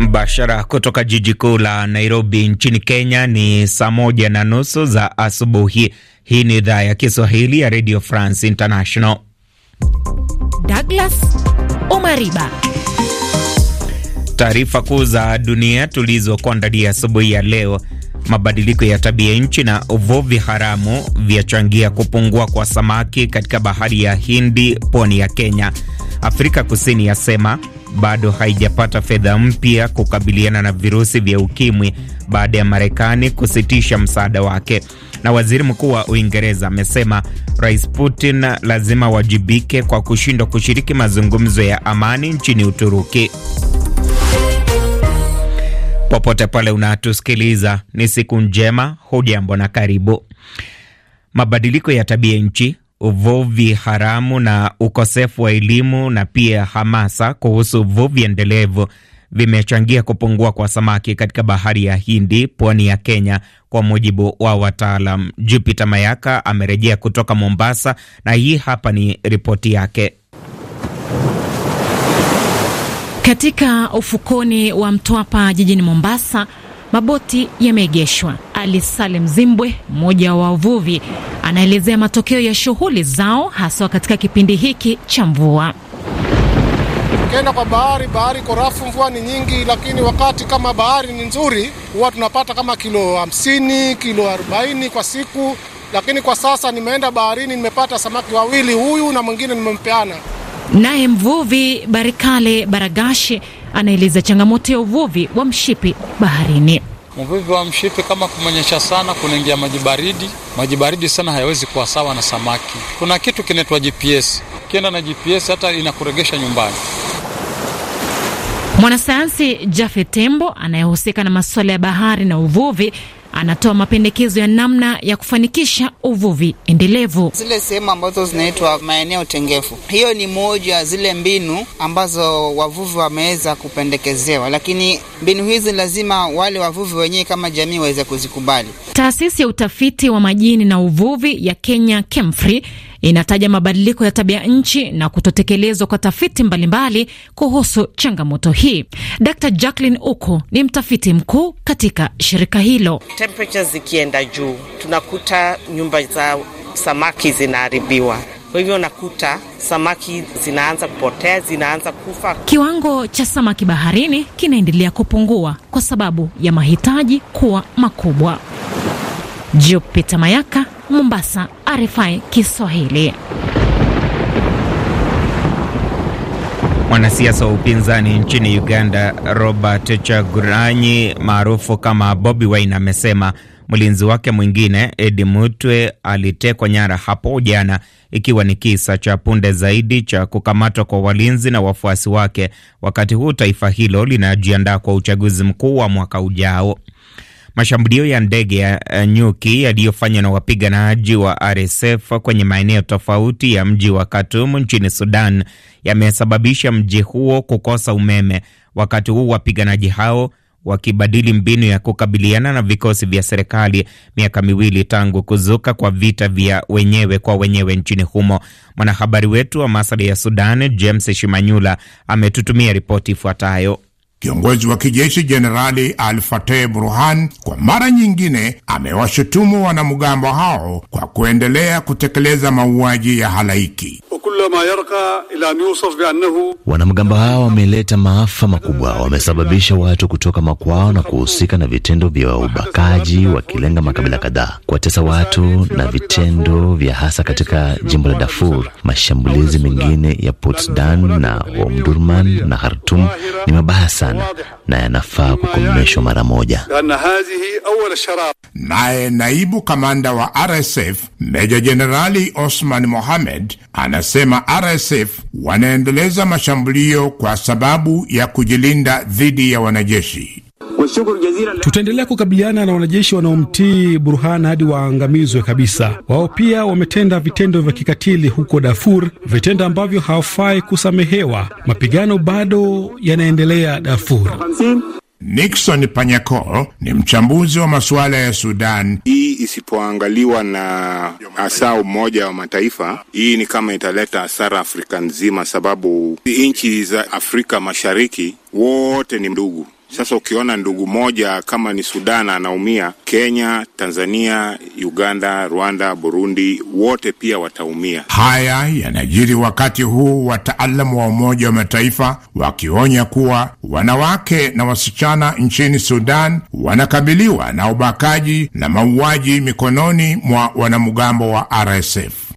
Mbashara kutoka jiji kuu la Nairobi nchini Kenya. Ni saa moja na nusu za asubuhi. Hii ni idhaa ya Kiswahili ya Radio France International. Douglas Omariba, taarifa kuu za dunia tulizokuandalia asubuhi ya leo. Mabadiliko ya tabia nchi na uvuvi haramu vyachangia kupungua kwa samaki katika bahari ya Hindi, pwani ya Kenya. Afrika Kusini yasema bado haijapata fedha mpya kukabiliana na virusi vya ukimwi baada ya Marekani kusitisha msaada wake. Na waziri mkuu wa Uingereza amesema Rais Putin lazima wajibike kwa kushindwa kushiriki mazungumzo ya amani nchini Uturuki. Popote pale unatusikiliza, ni siku njema, hujambo na karibu. Mabadiliko ya tabia nchi uvuvi haramu na ukosefu wa elimu na pia hamasa kuhusu uvuvi endelevu vimechangia kupungua kwa samaki katika bahari ya Hindi, pwani ya Kenya, kwa mujibu wa wataalam. Jupiter Mayaka amerejea kutoka Mombasa na hii hapa ni ripoti yake. Katika ufukoni wa Mtwapa jijini Mombasa, maboti yameegeshwa. Ali Salem Zimbwe, mmoja wa wavuvi, anaelezea matokeo ya shughuli zao haswa katika kipindi hiki cha mvua. Ukienda kwa bahari, bahari rafu mvua ni nyingi, lakini wakati kama bahari ni nzuri, huwa tunapata kama kilo hamsini, kilo arobaini kwa siku. Lakini kwa sasa nimeenda baharini, nimepata samaki wawili, huyu na mwingine nimempeana naye. Mvuvi Barikale Baragashi anaeleza changamoto ya uvuvi wa mshipi baharini. Uvuvi wa mshipi kama kumenyesha sana, kunaingia maji baridi. Maji baridi sana hayawezi kuwa sawa na samaki. Kuna kitu kinaitwa GPS, ukienda na GPS hata inakuregesha nyumbani. Mwanasayansi jafe Tembo anayehusika na masuala ya bahari na uvuvi anatoa mapendekezo ya namna ya kufanikisha uvuvi endelevu zile sehemu ambazo zinaitwa maeneo tengefu. Hiyo ni moja zile mbinu ambazo wavuvi wameweza kupendekezewa, lakini mbinu hizi lazima wale wavuvi wenyewe kama jamii waweze kuzikubali. Taasisi ya utafiti wa majini na uvuvi ya Kenya KEMFRI inataja mabadiliko ya tabia nchi na kutotekelezwa kwa tafiti mbalimbali kuhusu changamoto hii. Dr Jacqueline Uko ni mtafiti mkuu katika shirika hilo. Temperatures zikienda juu, tunakuta nyumba za samaki zinaharibiwa kwa hivyo nakuta samaki zinaanza kupotea, zinaanza kufa. Kiwango cha samaki baharini kinaendelea kupungua kwa sababu ya mahitaji kuwa makubwa. Jupita Mayaka, Mombasa, RFI Kiswahili. Mwanasiasa wa upinzani nchini Uganda Robert Chaguranyi maarufu kama Bobi Wine amesema mlinzi wake mwingine Edi Mutwe alitekwa nyara hapo jana, ikiwa ni kisa cha punde zaidi cha kukamatwa kwa walinzi na wafuasi wake, wakati huu taifa hilo linajiandaa kwa uchaguzi mkuu wa mwaka ujao. Mashambulio ya ndege ya eh, nyuki yaliyofanywa na wapiganaji wa RSF kwenye maeneo tofauti ya mji wa Khartoum nchini Sudan yamesababisha mji huo kukosa umeme, wakati huu wapiganaji hao wakibadili mbinu ya kukabiliana na vikosi vya serikali miaka miwili tangu kuzuka kwa vita vya wenyewe kwa wenyewe nchini humo. Mwanahabari wetu wa masuala ya Sudan James Shimanyula ametutumia ripoti ifuatayo. Kiongozi wa kijeshi Jenerali Al Fateh Burhan kwa mara nyingine amewashutumu wanamgambo hao kwa kuendelea kutekeleza mauaji ya halaiki. Wanamgambo hao wameleta maafa makubwa, wamesababisha watu kutoka makwao na kuhusika na vitendo vya ubakaji, wakilenga makabila kadhaa, kuwatesa watu na vitendo vya hasa katika jimbo la Darfur. Mashambulizi mengine ya Port Sudan na Omdurman na hartum ni mabaya sana sana na yanafaa kukomeshwa mara moja. Naye naibu kamanda wa RSF meja jenerali Osman Mohamed anasema RSF wanaendeleza mashambulio kwa sababu ya kujilinda dhidi ya wanajeshi. Tutaendelea kukabiliana na wanajeshi wanaomtii Burhan hadi waangamizwe kabisa. Wao pia wametenda vitendo vya kikatili huko Darfur, vitendo ambavyo hawafai kusamehewa. Mapigano bado yanaendelea Darfur. Nixon Panyako ni mchambuzi wa masuala ya Sudan. Hii isipoangaliwa na hasa Umoja wa Mataifa, hii ni kama italeta hasara Afrika nzima, sababu nchi za Afrika Mashariki wote ni ndugu sasa ukiona ndugu moja kama ni Sudan anaumia, Kenya, Tanzania, Uganda, Rwanda, Burundi wote pia wataumia. Haya yanajiri wakati huu wataalamu wa Umoja wa Mataifa wakionya kuwa wanawake na wasichana nchini Sudan wanakabiliwa na ubakaji na mauaji mikononi mwa wanamgambo wa RSF.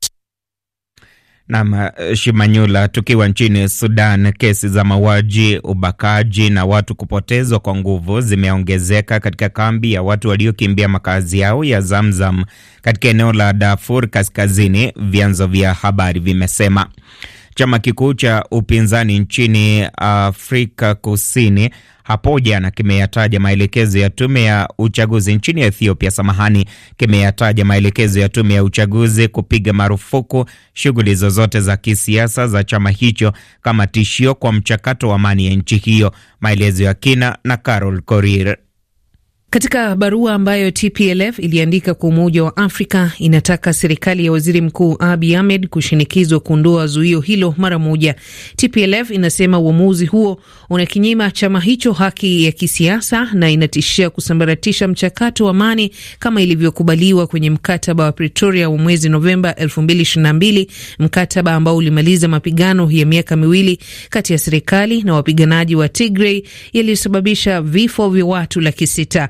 Nam eh, Shimanyula, tukiwa nchini Sudan, kesi za mauaji, ubakaji na watu kupotezwa kwa nguvu zimeongezeka katika kambi ya watu waliokimbia makazi yao ya Zamzam katika eneo la Darfur Kaskazini, vyanzo vya habari vimesema. Chama kikuu cha upinzani nchini Afrika Kusini hapo jana kimeyataja maelekezo ya tume ya uchaguzi nchini Ethiopia, samahani, kimeyataja maelekezo ya tume ya uchaguzi kupiga marufuku shughuli zozote za kisiasa za chama hicho kama tishio kwa mchakato wa amani ya nchi hiyo. Maelezo ya kina na Carol Korir. Katika barua ambayo TPLF iliandika kwa Umoja wa Afrika, inataka serikali ya waziri mkuu Abiy Ahmed kushinikizwa kuondoa zuio hilo mara moja. TPLF inasema uamuzi huo unakinyima chama hicho haki ya kisiasa na inatishia kusambaratisha mchakato wa amani kama ilivyokubaliwa kwenye mkataba wa Pretoria wa mwezi Novemba 2022, mkataba ambao ulimaliza mapigano ya miaka miwili kati ya serikali na wapiganaji wa Tigray yaliyosababisha vifo vya watu laki sita.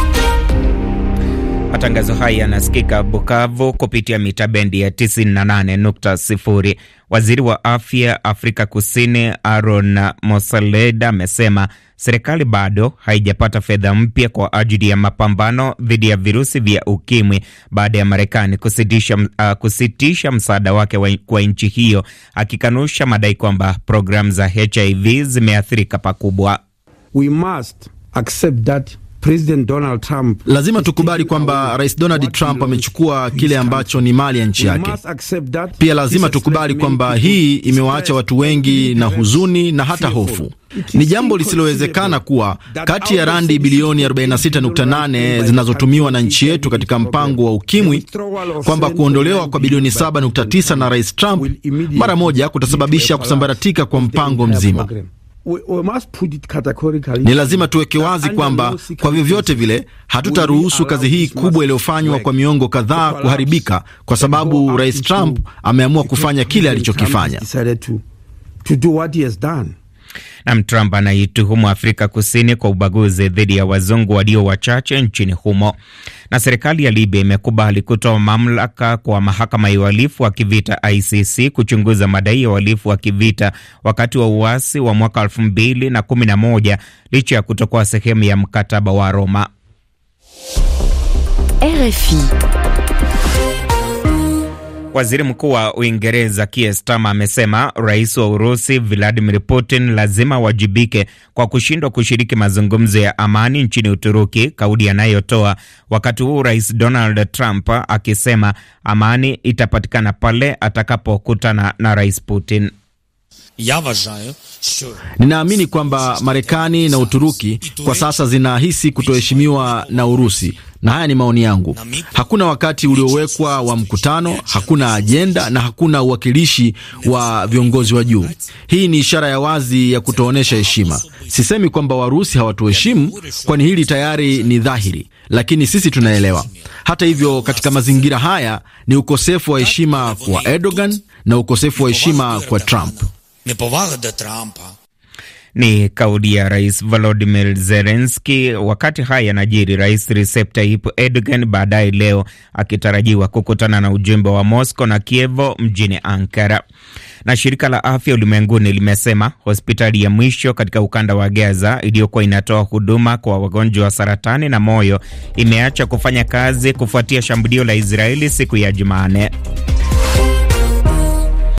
Matangazo haya yanasikika Bukavu kupitia mita bendi ya 98.0. Waziri wa afya Afrika Kusini Aaron Mosaleda amesema serikali bado haijapata fedha mpya kwa ajili ya mapambano dhidi ya virusi vya ukimwi baada ya Marekani kusitisha, uh, kusitisha msaada wake kwa nchi hiyo, akikanusha madai kwamba programu za HIV zimeathirika pakubwa. We must accept that President Donald Trump. Lazima tukubali kwamba Rais Donald Trump amechukua kile ambacho ni mali ya nchi yake. Pia lazima tukubali kwamba hii imewaacha watu wengi na huzuni na hata hofu. Ni jambo lisilowezekana kuwa kati ya randi bilioni 46.8 zinazotumiwa na nchi yetu katika mpango wa ukimwi kwamba kuondolewa kwa bilioni 7.9 na Rais Trump mara moja kutasababisha kusambaratika kwa mpango mzima. We, we must put it categorically. Ni lazima tuweke wazi kwamba kwa vyovyote vile hatutaruhusu kazi hii kubwa iliyofanywa kwa miongo kadhaa kuharibika kwa sababu Rais Trump ameamua kufanya kile alichokifanya. Nam Trump anaituhumu Afrika Kusini kwa ubaguzi dhidi ya wazungu walio wachache nchini humo. Na serikali ya Libya imekubali kutoa mamlaka kwa mahakama ya uhalifu wa kivita ICC kuchunguza madai ya uhalifu wa kivita wakati wa uasi wa mwaka 211 licha ya kutokuwa sehemu ya mkataba wa Roma. RFI. Waziri Mkuu wa Uingereza Keir Starmer amesema rais wa Urusi Vladimir Putin lazima wajibike kwa kushindwa kushiriki mazungumzo ya amani nchini Uturuki, kauli anayotoa wakati huu Rais Donald Trump akisema amani itapatikana pale atakapokutana na Rais Putin. Ninaamini kwamba Marekani na Uturuki kwa sasa zinahisi kutoheshimiwa na Urusi, na haya ni maoni yangu. Hakuna wakati uliowekwa wa mkutano, hakuna ajenda na hakuna uwakilishi wa viongozi wa juu. Hii ni ishara ya wazi ya kutoonyesha heshima. Sisemi kwamba Warusi hawatuheshimu, kwani hili tayari ni dhahiri, lakini sisi tunaelewa. Hata hivyo, katika mazingira haya ni ukosefu wa heshima kwa Erdogan na ukosefu wa heshima kwa Trump. Ni kauli ya Rais Volodymyr Zelensky wakati haya najiri. Rais Recep Tayyip Erdogan baadaye leo akitarajiwa kukutana na ujumbe wa Moscow na Kievo mjini Ankara. Na shirika la afya ulimwenguni limesema hospitali ya mwisho katika ukanda wa Gaza iliyokuwa inatoa huduma kwa wagonjwa wa saratani na moyo imeacha kufanya kazi kufuatia shambulio la Israeli siku ya Jumane.